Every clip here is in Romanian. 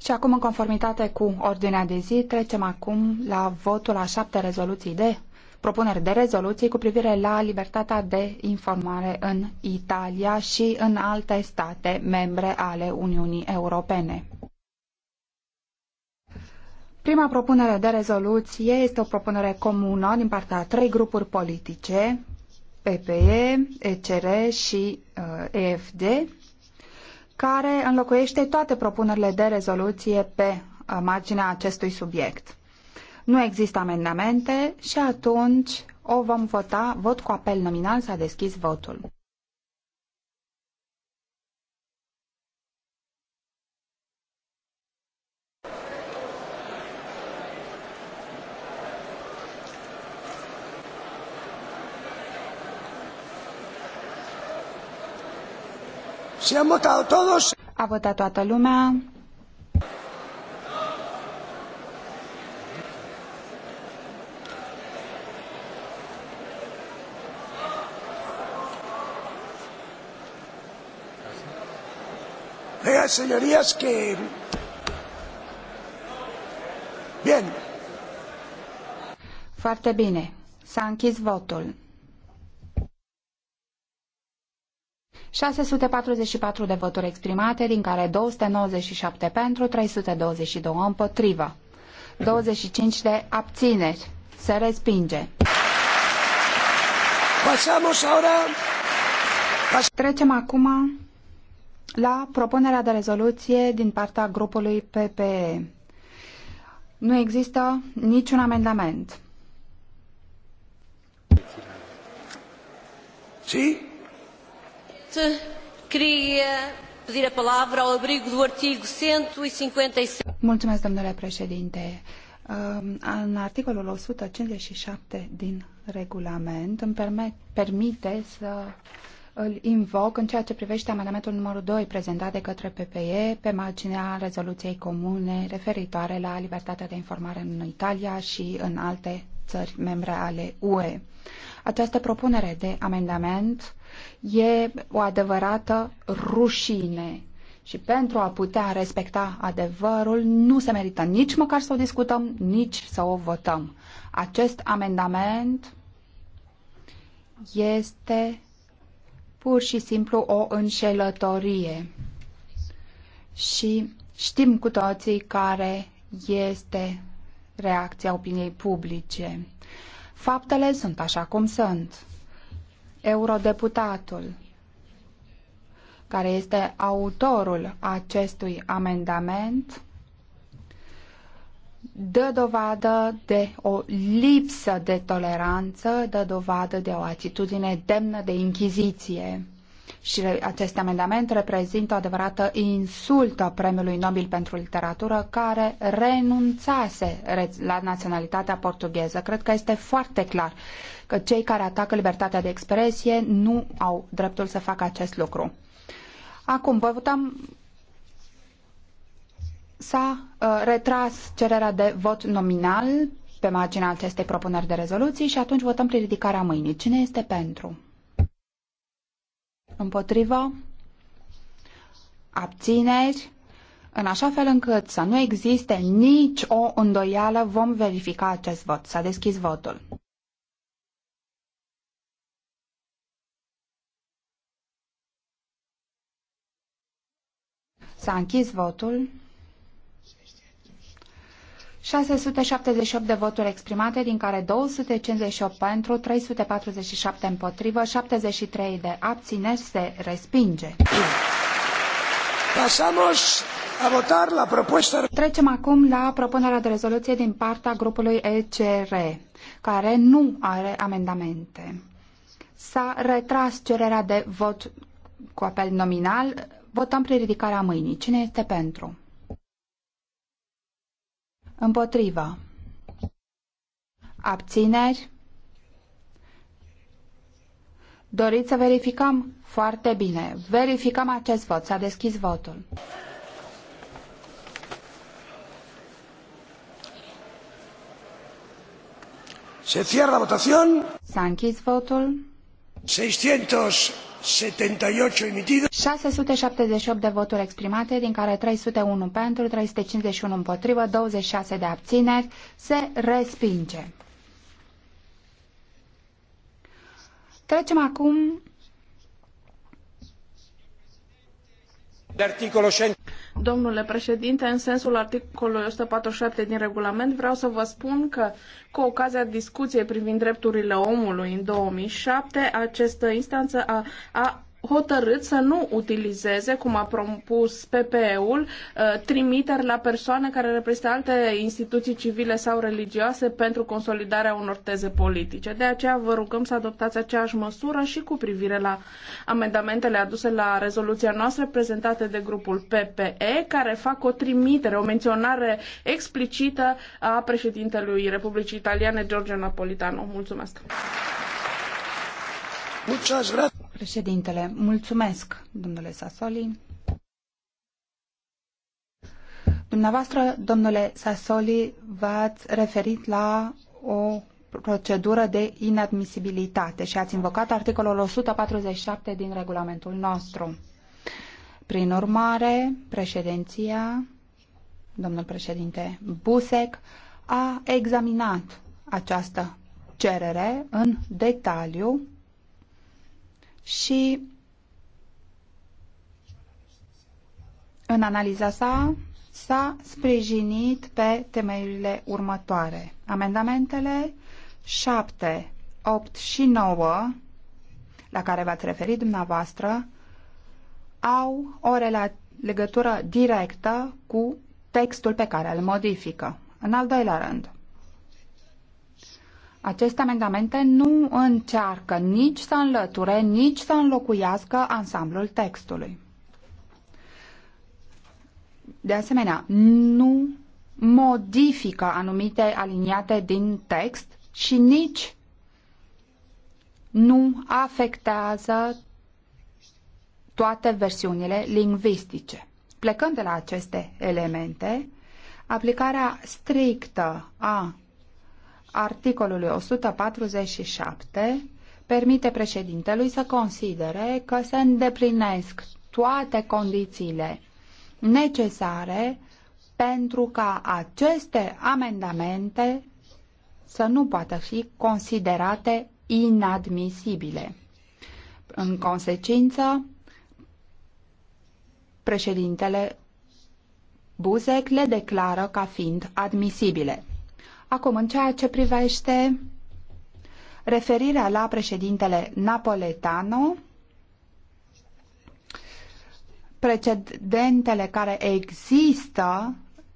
Și acum, în conformitate cu ordinea de zi, trecem acum la votul a șapte rezoluții de propuneri de rezoluții cu privire la libertatea de informare în Italia și în alte state membre ale Uniunii Europene. Prima propunere de rezoluție este o propunere comună din partea a trei grupuri politice, PPE, ECR și uh, EFD, care înlocuiește toate propunerile de rezoluție pe uh, marginea acestui subiect. Nu există amendamente și atunci o vom vota vot cu apel nominal. S-a deschis votul. Si han votado todos. A votat toată lumea. Vean, señorías, que... Bien. Foarte bine. S-a închis votul. 644 de voturi exprimate, din care 297 pentru, 322 împotrivă. 25 de abțineri. Se respinge. Pasamos Trecem acum la propunerea de rezoluție din partea grupului PPE. Nu există niciun amendament. Sí? Presidente, queria pedir a palavra ao abrigo do artigo 157. Mulțumesc, domnule președinte. În articolul 157 din regulament îmi permite să îl invoc în ceea ce privește amendamentul numărul 2 prezentat de către PPE pe marginea rezoluției comune referitoare la libertatea de informare în Italia și în alte țări membre ale UE. Această propunere de amendament e o adevărată rușine și pentru a putea respecta adevărul, nu se merită nici măcar să o discutăm, nici să o votăm. Acest amendament este pur și simplu o înșelătorie. Și știm cu toții care este reacția opiniei publice. Faptele sunt așa cum sunt. Eurodeputatul care este autorul acestui amendament dă dovadă de o lipsă de toleranță, dă dovadă de o atitudine demnă de inchiziție și acest amendament reprezintă o adevărată insultă Premiului Nobel pentru Literatură care renunțase la naționalitatea portugheză. Cred că este foarte clar că cei care atacă libertatea de expresie nu au dreptul să facă acest lucru. Acum, vă votăm s-a uh, retras cererea de vot nominal pe marginea acestei propuneri de rezoluții și atunci votăm prin ridicarea mâinii. Cine este pentru? Împotrivă? Abțineri? În așa fel încât să nu existe nici o îndoială, vom verifica acest vot. S-a deschis votul. S-a închis votul. 678 de voturi exprimate, din care 258 pentru, 347 împotrivă, 73 de abțineri se respinge. Pasamos a votar la propuesta... Trecem acum la propunerea de rezoluție din partea grupului ECR, care nu are amendamente. S-a retras cererea de vot cu apel nominal. Votăm prin ridicarea mâinii. Cine este pentru? Împotriva. Abțineri. Doriți să verificăm? Foarte bine. Verificăm acest vot. S-a deschis votul. Se cierra votación. S-a închis votul. 678 emitidos. 678 de voturi exprimate, din care 301 pentru, 351 împotrivă, 26 de abțineri, se respinge. Trecem acum Domnule președinte, în sensul articolului 147 din regulament vreau să vă spun că cu ocazia discuției privind drepturile omului în 2007, această instanță a, a hotărât să nu utilizeze, cum a propus PPE-ul, uh, trimiteri la persoane care reprezintă alte instituții civile sau religioase pentru consolidarea unor teze politice. De aceea vă rugăm să adoptați aceeași măsură și cu privire la amendamentele aduse la rezoluția noastră prezentate de grupul PPE, care fac o trimitere, o menționare explicită a președintelui Republicii Italiane, Giorgio Napolitano. Mulțumesc! Președintele, mulțumesc, domnule Sassoli. Dumneavoastră, domnule Sassoli, v-ați referit la o procedură de inadmisibilitate și ați invocat articolul 147 din regulamentul nostru. Prin urmare, președinția, domnul președinte Busec, a examinat această cerere în detaliu și în analiza sa s-a sprijinit pe temeiurile următoare. Amendamentele 7, 8 și 9, la care v-ați referit dumneavoastră, au o legătură directă cu textul pe care îl modifică. În al doilea rând, aceste amendamente nu încearcă nici să înlăture, nici să înlocuiască ansamblul textului. De asemenea, nu modifică anumite aliniate din text și nici nu afectează toate versiunile lingvistice. Plecând de la aceste elemente, aplicarea strictă a articolului 147 permite președintelui să considere că se îndeplinesc toate condițiile necesare pentru ca aceste amendamente să nu poată fi considerate inadmisibile. În consecință, președintele Buzek le declară ca fiind admisibile. Acum, în ceea ce privește referirea la președintele Napoletano, precedentele care există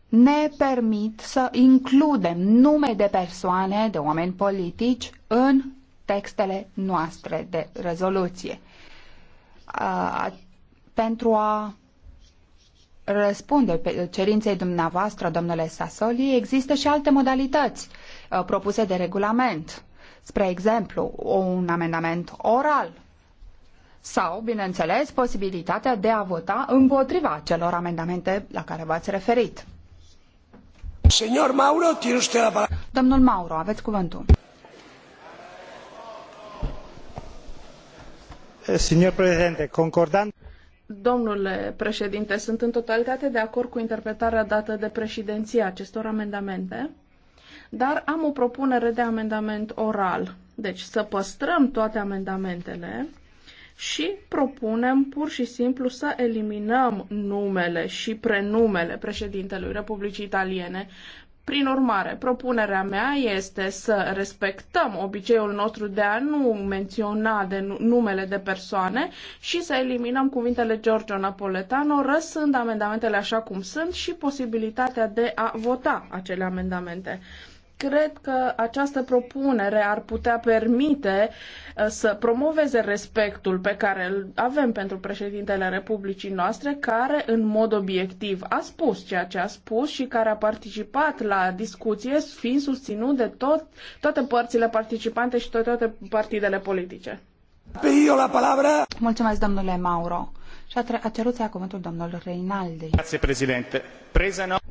ne permit să includem nume de persoane, de oameni politici în textele noastre de rezoluție. Uh, pentru a răspunde cerinței dumneavoastră, domnule Sasoli, există și alte modalități uh, propuse de regulament. Spre exemplu, un amendament oral sau, bineînțeles, posibilitatea de a vota împotriva celor amendamente la care v-ați referit. Señor Mauro, tiene usted la palabra. Domnul Mauro, aveți cuvântul. Eh, Signor Presidente, concordant Domnule președinte, sunt în totalitate de acord cu interpretarea dată de președinția acestor amendamente, dar am o propunere de amendament oral. Deci să păstrăm toate amendamentele și propunem pur și simplu să eliminăm numele și prenumele președintelui Republicii Italiene, prin urmare, propunerea mea este să respectăm obiceiul nostru de a nu menționa de numele de persoane și să eliminăm cuvintele Giorgio Napoletano, răsând amendamentele așa cum sunt și posibilitatea de a vota acele amendamente. Cred că această propunere ar putea permite uh, să promoveze respectul pe care îl avem pentru președintele Republicii noastre, care în mod obiectiv a spus ceea ce a spus și care a participat la discuție, fiind susținut de tot, toate părțile participante și toate partidele politice. Mulțumesc, domnule Mauro și a cerut să ia cuvântul domnul Reinaldi.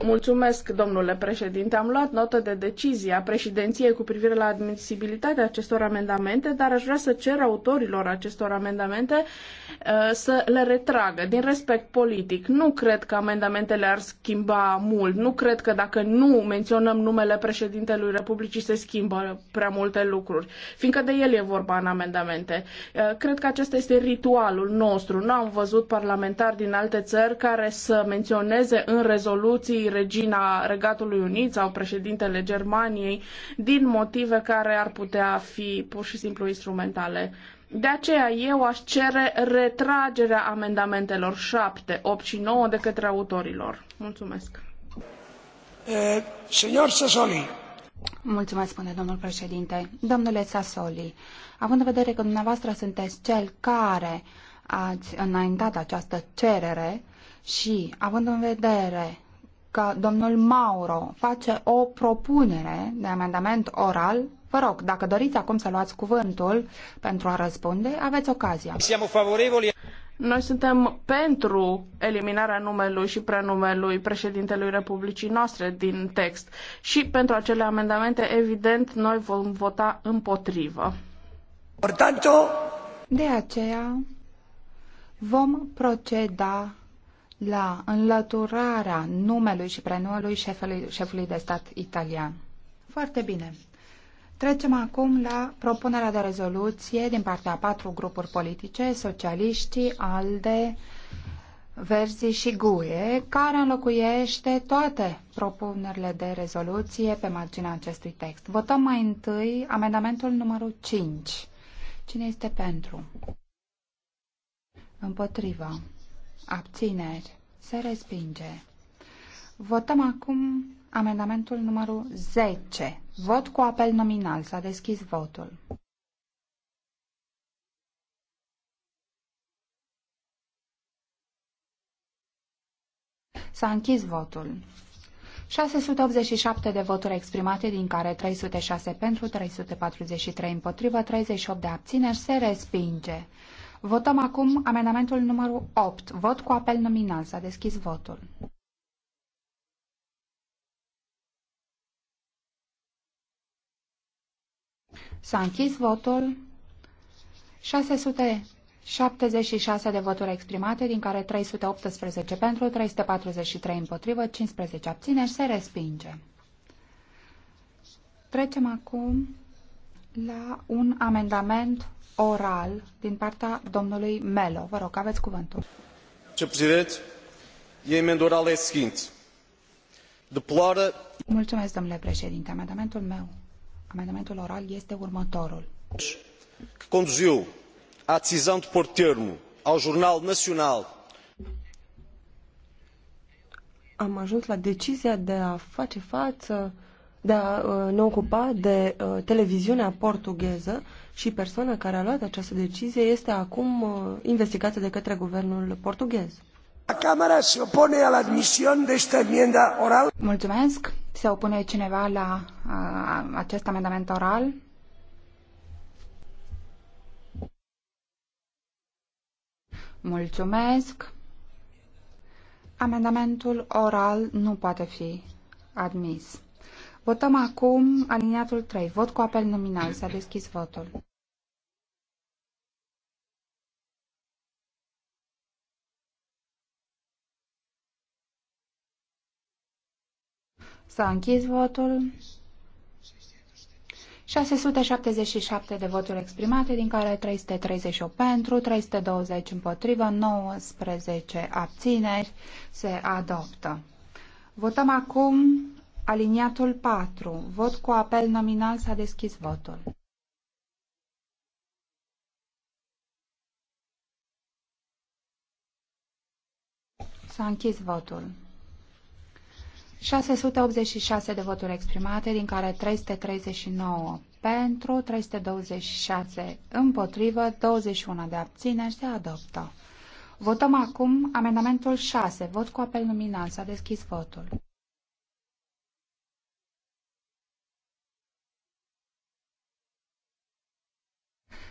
Mulțumesc, domnule președinte. Am luat notă de decizie a președinției cu privire la admisibilitatea acestor amendamente, dar aș vrea să cer autorilor acestor amendamente uh, să le retragă din respect politic. Nu cred că amendamentele ar schimba mult. Nu cred că dacă nu menționăm numele președintelui Republicii se schimbă prea multe lucruri, fiindcă de el e vorba în amendamente. Uh, cred că acesta este ritualul nostru. Nu am văzut parlamentari din alte țări care să menționeze în rezoluții regina Regatului Unit sau președintele Germaniei din motive care ar putea fi pur și simplu instrumentale. De aceea eu aș cere retragerea amendamentelor 7, 8 și 9 de către autorilor. Mulțumesc. E, eh, Sassoli. Mulțumesc, spune domnul președinte. Domnule Sassoli, având în vedere că dumneavoastră sunteți cel care ați înaintat această cerere și având în vedere că domnul Mauro face o propunere de amendament oral, vă rog, dacă doriți acum să luați cuvântul pentru a răspunde, aveți ocazia. Noi suntem pentru eliminarea numelui și prenumelui președintelui Republicii noastre din text și pentru acele amendamente, evident, noi vom vota împotrivă. De aceea, vom proceda la înlăturarea numelui și prenumelui șefului, șefului de stat italian. Foarte bine. Trecem acum la propunerea de rezoluție din partea a patru grupuri politice, socialiștii, ALDE, Verzi și GUE, care înlocuiește toate propunerile de rezoluție pe marginea acestui text. Votăm mai întâi amendamentul numărul 5. Cine este pentru? Împotrivă. Abțineri. Se respinge. Votăm acum amendamentul numărul 10. Vot cu apel nominal. S-a deschis votul. S-a închis votul. 687 de voturi exprimate, din care 306 pentru, 343 împotrivă, 38 de abțineri, se respinge. Votăm acum amendamentul numărul 8. Vot cu apel nominal. S-a deschis votul. S-a închis votul. 676 de voturi exprimate, din care 318 pentru, 343 împotrivă, 15 abțineri, se respinge. Trecem acum la un amendament oral din partea domnului Melo. Vă rog, aveți cuvântul. Mulțumesc, domnule președinte. Amendamentul meu, amendamentul oral este următorul. care conduziu la decizia de pôr termo ao Jornal Nacional am ajuns la decizia de a face față de a uh, ne ocupa de uh, televiziunea portugheză și persoana care a luat această decizie este acum uh, investigată de către guvernul portughez. Camera se opune la admisión de esta oral. Mulțumesc. Se opune cineva la acest amendament oral? Mulțumesc. Amendamentul oral nu poate fi admis. Votăm acum aliniatul 3. Vot cu apel nominal. S-a deschis votul. S-a închis votul. 677 de voturi exprimate, din care 338 pentru, 320 împotrivă, 19 abțineri. Se adoptă. Votăm acum Aliniatul 4. Vot cu apel nominal s-a deschis votul. S-a închis votul. 686 de voturi exprimate, din care 339 pentru, 326 împotrivă, 21 de abțineri se adoptă. Votăm acum amendamentul 6. Vot cu apel nominal. S-a deschis votul.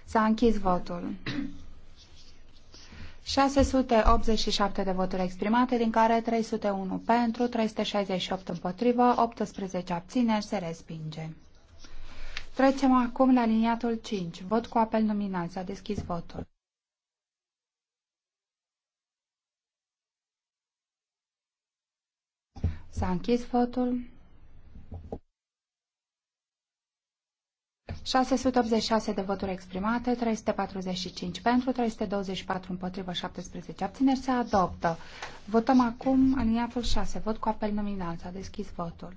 S-a închis votul. 687 de voturi exprimate, din care 301 pentru, 368 împotrivă, 18 abțineri, se respinge. Trecem acum la liniatul 5. Vot cu apel nominal. S-a deschis votul. S-a închis votul. 686 de voturi exprimate, 345 pentru, 324 împotrivă, 17 abțineri. Se adoptă. Votăm acum aliniatul 6. Vot cu apel nominal. S-a deschis votul.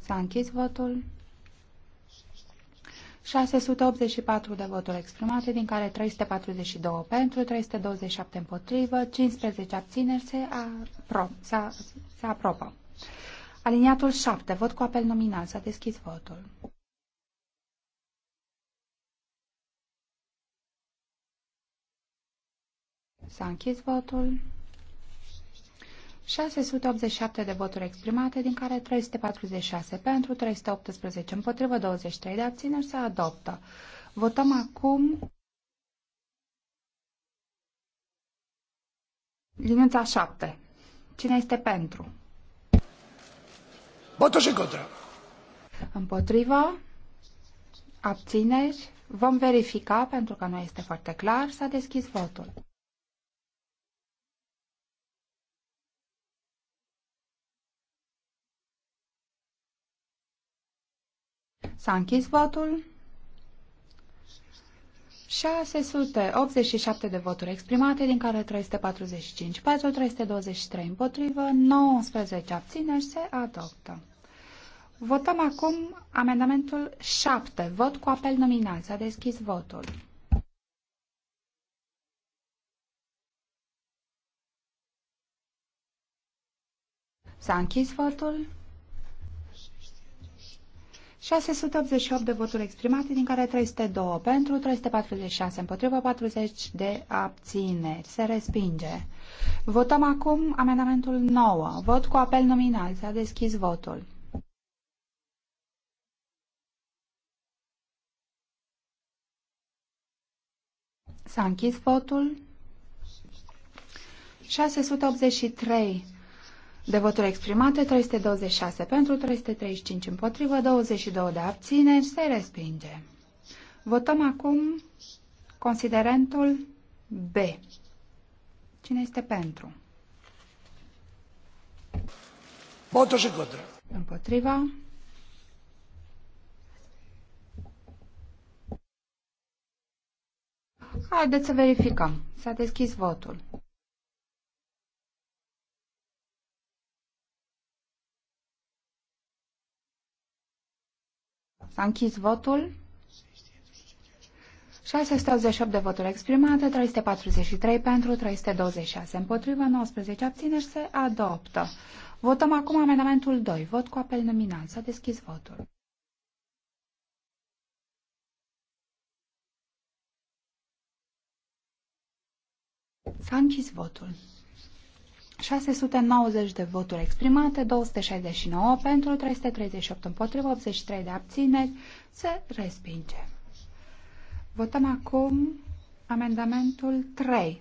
S-a închis votul. 684 de voturi exprimate, din care 342 pentru, 327 împotrivă, 15 abțineri se, apro se, se aprobă. Aliniatul 7. Vot cu apel nominal. S-a deschis votul. S-a închis votul. 687 de voturi exprimate, din care 346 pentru, 318 împotrivă, 23 de abțineri se adoptă. Votăm acum liniuța 7. Cine este pentru? Votul și contra. Împotrivă, abțineri, vom verifica pentru că nu este foarte clar, s-a deschis votul. S-a închis votul. 687 de voturi exprimate, din care 345 pentru, 323 împotrivă, 19 abțineri se adoptă. Votăm acum amendamentul 7. Vot cu apel nominal. S-a deschis votul. S-a închis votul. 688 de voturi exprimate, din care 302 pentru, 346 împotrivă, 40 de abțineri. Se respinge. Votăm acum amendamentul 9. Vot cu apel nominal. S-a deschis votul. S-a închis votul. 683 de voturi exprimate, 326 pentru, 335 împotrivă, 22 de abțineri, se respinge. Votăm acum considerentul B. Cine este pentru? Votul și contra. Împotriva. Haideți să verificăm. S-a deschis votul. S-a închis votul. 688 de voturi exprimate, 343 pentru, 326 împotrivă, 19 abțineri, se adoptă. Votăm acum amendamentul 2. Vot cu apel nominal. S-a deschis votul. S-a închis votul. 690 de voturi exprimate, 269 pentru, 338 împotrivă, 83 de abțineri, se respinge. Votăm acum amendamentul 3.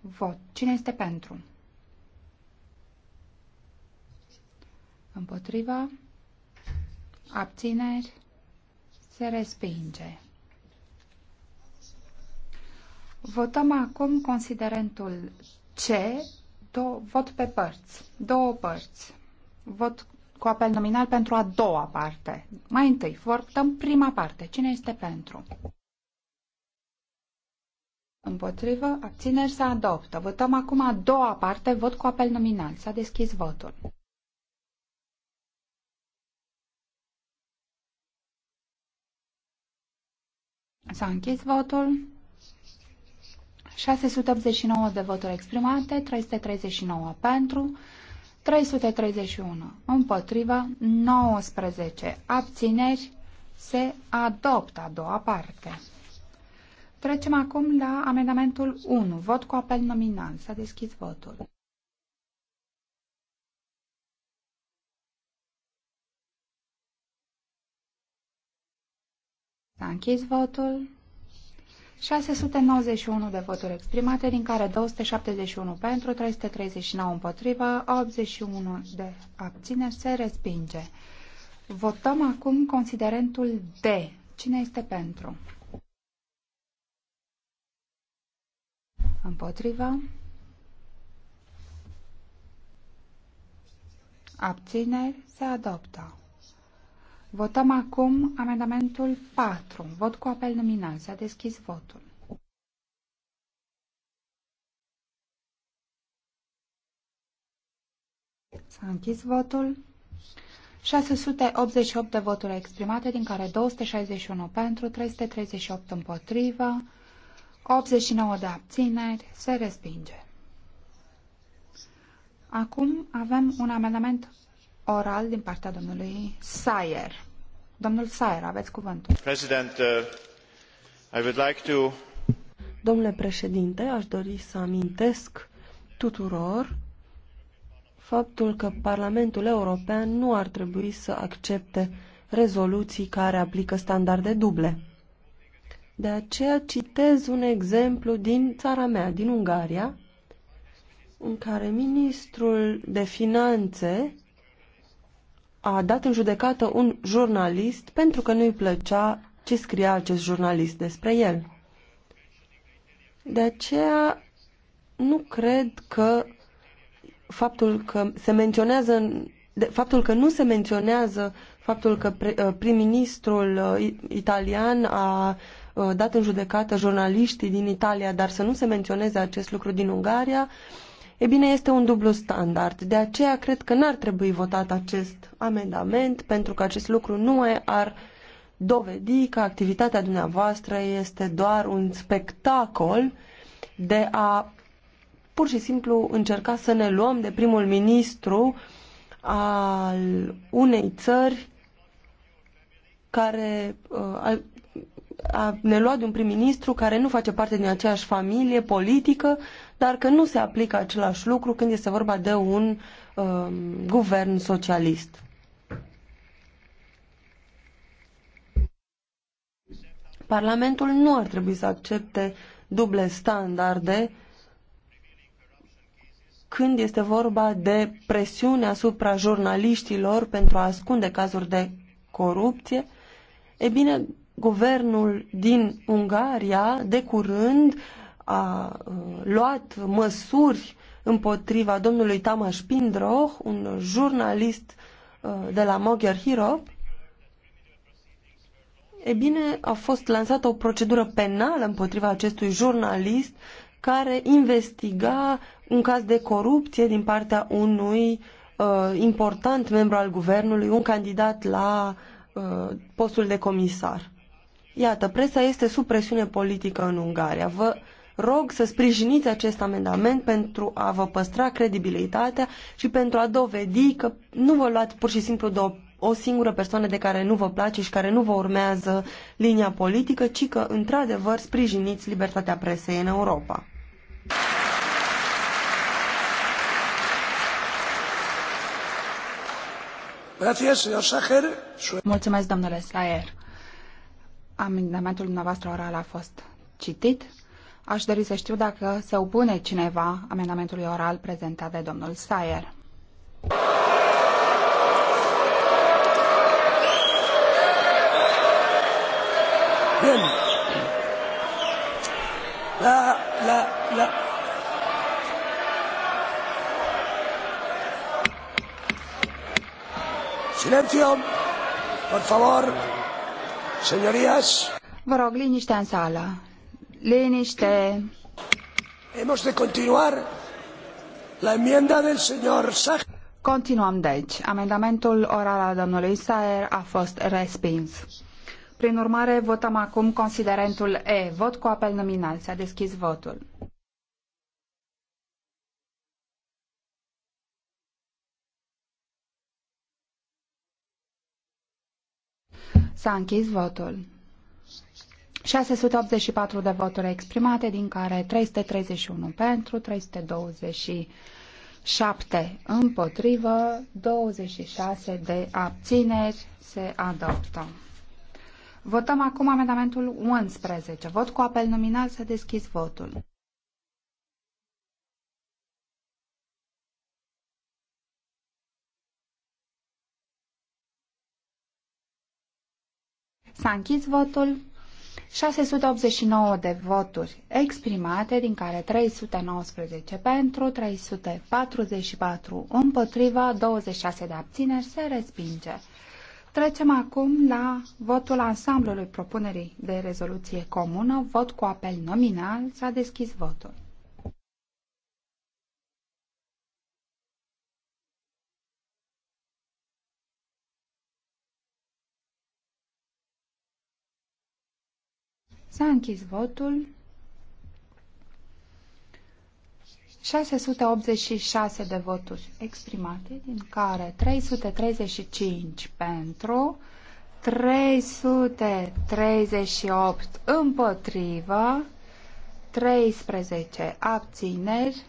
Vot. Cine este pentru? Împotriva? Abțineri? Se respinge. Votăm acum considerentul C to- vot pe părți. Două părți. Vot cu apel nominal pentru a doua parte. Mai întâi, votăm prima parte. Cine este pentru? Împotrivă, abțineri se adoptă. Votăm acum a doua parte, vot cu apel nominal. S-a deschis votul. S-a închis votul. 689 de voturi exprimate, 339 pentru, 331 împotriva, 19 abțineri, se adoptă a doua parte. Trecem acum la amendamentul 1, vot cu apel nominal. S-a deschis votul. S-a închis votul. 691 de voturi exprimate, din care 271 pentru, 339 împotrivă, 81 de abțineri se respinge. Votăm acum considerentul D. Cine este pentru? Împotriva. Abțineri se adoptă. Votăm acum amendamentul 4. Vot cu apel nominal. S-a deschis votul. S-a închis votul. 688 de voturi exprimate, din care 261 pentru, 338 împotrivă, 89 de abțineri, se respinge. Acum avem un amendament oral din partea domnului Sayer. Domnul Sayer, aveți cuvântul. President, uh, I would like to... Domnule președinte, aș dori să amintesc tuturor faptul că Parlamentul European nu ar trebui să accepte rezoluții care aplică standarde duble. De aceea citez un exemplu din țara mea, din Ungaria, în care ministrul de finanțe a dat în judecată un jurnalist pentru că nu-i plăcea ce scria acest jurnalist despre el. De aceea nu cred că faptul că se menționează de, faptul că nu se menționează faptul că uh, prim-ministrul uh, italian a uh, dat în judecată jurnaliștii din Italia, dar să nu se menționeze acest lucru din Ungaria, uh, E bine, este un dublu standard. De aceea cred că n-ar trebui votat acest amendament, pentru că acest lucru nu mai ar dovedi că activitatea dumneavoastră este doar un spectacol de a pur și simplu încerca să ne luăm de primul ministru al unei țări care uh, a, a ne luat de un prim-ministru care nu face parte din aceeași familie politică dar că nu se aplică același lucru când este vorba de un uh, guvern socialist. Parlamentul nu ar trebui să accepte duble standarde când este vorba de presiune asupra jurnaliștilor pentru a ascunde cazuri de corupție. E bine, guvernul din Ungaria de curând a luat măsuri împotriva domnului Tamas Pindroch, un jurnalist de la Mogher Hero, e bine, a fost lansată o procedură penală împotriva acestui jurnalist care investiga un caz de corupție din partea unui uh, important membru al guvernului, un candidat la uh, postul de comisar. Iată, presa este sub presiune politică în Ungaria. Vă rog să sprijiniți acest amendament pentru a vă păstra credibilitatea și pentru a dovedi că nu vă luați pur și simplu de o, o singură persoană de care nu vă place și care nu vă urmează linia politică, ci că, într-adevăr, sprijiniți libertatea presei în Europa. Mulțumesc, domnule Slayer. Amendamentul dumneavoastră oral a fost citit. Aș dori să știu dacă se opune cineva amendamentului oral prezentat de domnul Sayer. Bien. La, la, la. Silențiu, por favor, señorías. Vă rog, liniște în sală. Liniște. Hemos de continuar la enmienda del señor Sach. Continuăm deci. Amendamentul oral al domnului Saer a fost respins. Prin urmare, votăm acum considerentul E. Vot cu apel nominal. S-a deschis votul. S-a închis votul. 684 de voturi exprimate, din care 331 pentru, 327 împotrivă, 26 de abțineri se adoptă. Votăm acum amendamentul 11. Vot cu apel nominal să deschis votul. S-a închis votul. 689 de voturi exprimate, din care 319 pentru, 344 împotriva, 26 de abțineri, se respinge. Trecem acum la votul ansamblului propunerii de rezoluție comună, vot cu apel nominal, s-a deschis votul. S-a închis votul. 686 de voturi exprimate, din care 335 pentru, 338 împotrivă, 13 abțineri,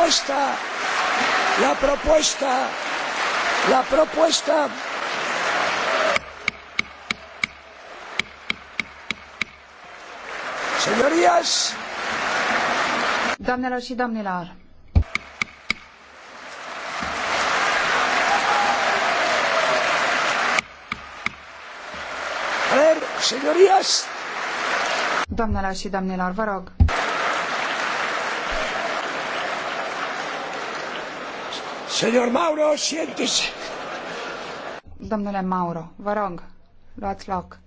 propuesta, la propuesta, la propuesta. Señorías. Doamnelor și domnilor. Señorías. Doamnelor și domnilor, vă rog. Señor Mauro, siéntese. Domnule Mauro, vă rog, luați loc.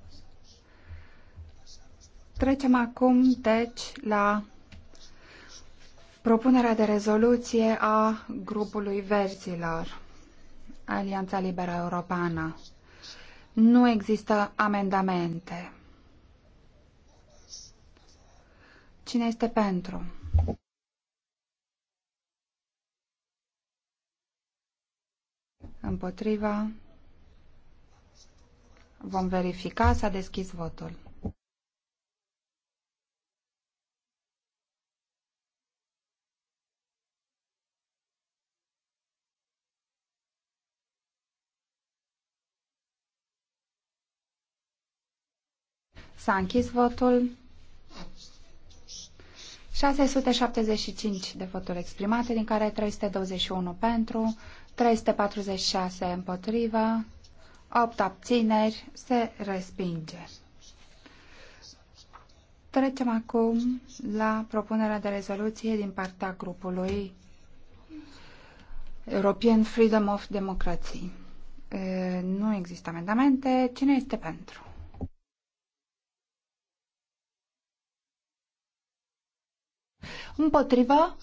Trecem acum, deci, la propunerea de rezoluție a grupului verzilor, Alianța Liberă Europeană. Nu există amendamente. Cine este pentru? Împotriva. Vom verifica. S-a deschis votul. S-a închis votul. 675 de voturi exprimate, din care 321 pentru, 346 împotriva, 8 abțineri, se respinge. Trecem acum la propunerea de rezoluție din partea grupului European Freedom of Democracy. Nu există amendamente. Cine este pentru? Împotriva,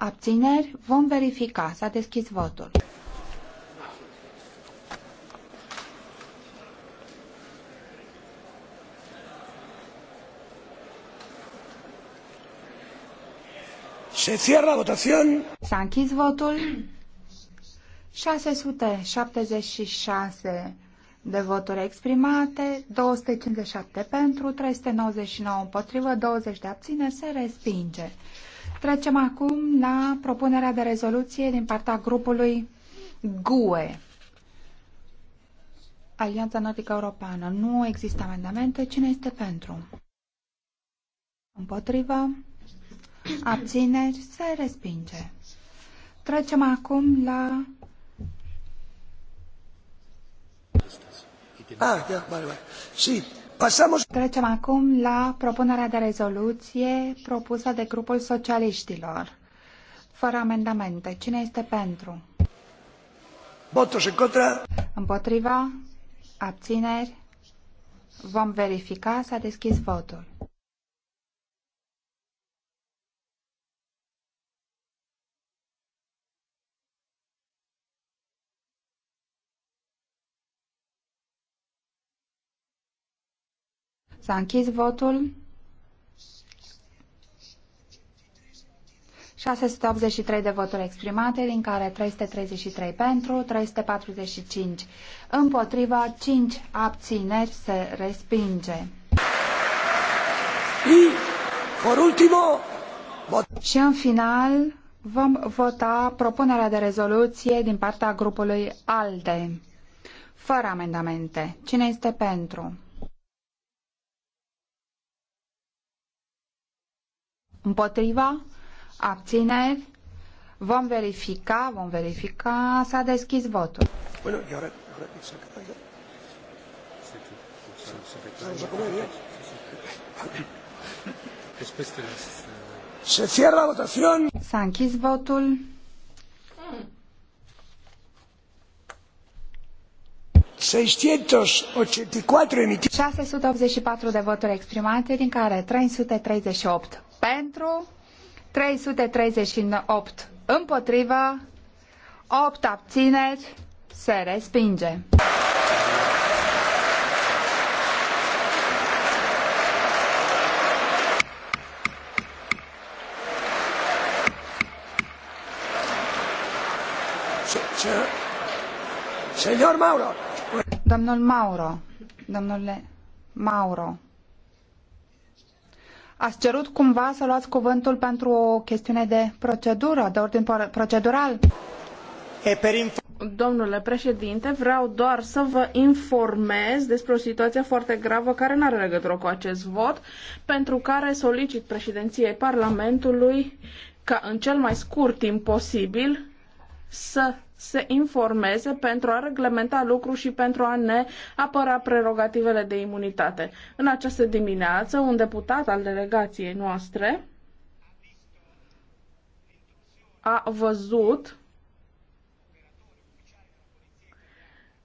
Abțineri? Vom verifica. S-a deschis votul. Se cierra votación. S-a închis votul. 676 de voturi exprimate, 257 pentru, 399 împotrivă, 20 de abține se respinge. Trecem acum la propunerea de rezoluție din partea grupului GUE. Alianța Nordică Europeană. Nu există amendamente. Cine este pentru? Împotrivă? Abțineri? Se respinge. Trecem acum la... Ah, da, bine bine. Sí, Pasamos... Trecem acum la propunerea de rezoluție propusă de grupul socialiștilor. Fără amendamente. Cine este pentru? Votos en contra. Împotriva? Abțineri? Vom verifica. S-a deschis votul. S-a închis votul. 683 de voturi exprimate, din care 333 pentru, 345 împotriva, 5 abțineri se respinge. Și, por ultimo, și în final vom vota propunerea de rezoluție din partea grupului ALDE, fără amendamente. Cine este pentru? Împotriva? Abțineri? Vom verifica, vom verifica. S-a deschis votul. Eh, se cierra votación. S-a închis votul. 684, de voturi exprimate, din care 338 pentru, 338 împotrivă, 8 abțineri, se respinge. Señor Mauro. Domnul Mauro, domnule Mauro, ați cerut cumva să luați cuvântul pentru o chestiune de procedură, de ordin procedural? E per Domnule președinte, vreau doar să vă informez despre o situație foarte gravă care nu are legătură cu acest vot, pentru care solicit președinției Parlamentului ca în cel mai scurt timp posibil să se informeze pentru a reglementa lucru și pentru a ne apăra prerogativele de imunitate. În această dimineață, un deputat al delegației noastre a văzut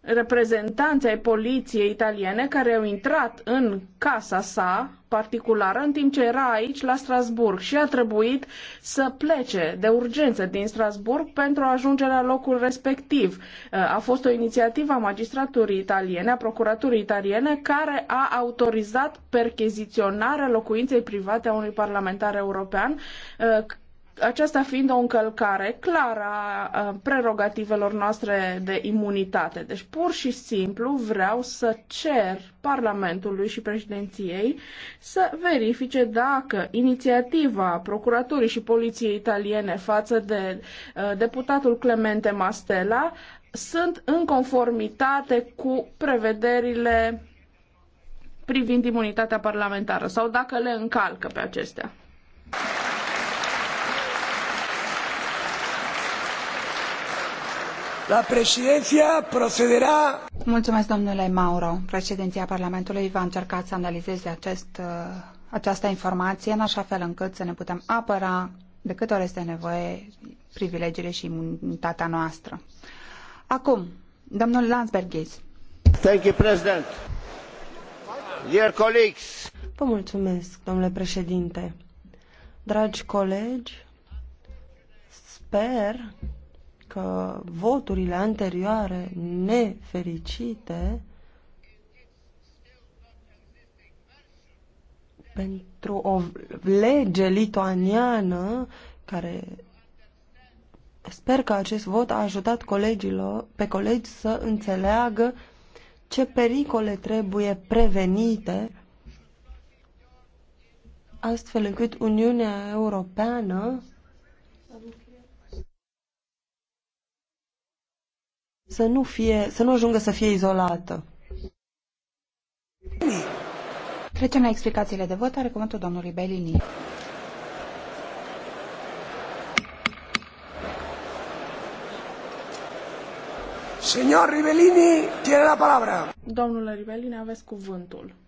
reprezentanți ai poliției italiene care au intrat în casa sa particulară în timp ce era aici la Strasburg și a trebuit să plece de urgență din Strasburg pentru a ajunge la locul respectiv. A fost o inițiativă a magistraturii italiene, a procuraturii italiene, care a autorizat percheziționarea locuinței private a unui parlamentar european aceasta fiind o încălcare clară a prerogativelor noastre de imunitate. Deci, pur și simplu, vreau să cer Parlamentului și președinției să verifice dacă inițiativa Procuraturii și Poliției Italiene față de uh, deputatul Clemente Mastella sunt în conformitate cu prevederile privind imunitatea parlamentară sau dacă le încalcă pe acestea. La președinția procederá... Mulțumesc, domnule Mauro. Președinția Parlamentului va încerca să analizeze acest, uh, această informație în așa fel încât să ne putem apăra de câte ori este nevoie privilegiile și imunitatea noastră. Acum, domnul Landsbergis. Thank you, President. Dear colleagues. Vă mulțumesc, domnule președinte. Dragi colegi, sper că voturile anterioare nefericite pentru o lege lituaniană care sper că acest vot a ajutat colegilor, pe colegi să înțeleagă ce pericole trebuie prevenite astfel încât Uniunea Europeană să nu, fie, să nu ajungă să fie izolată. Trecem la explicațiile de vot. Are cuvântul domnului Belini. Señor Rivellini, tiene la palabra. Domnule Rivellini, aveți cuvântul.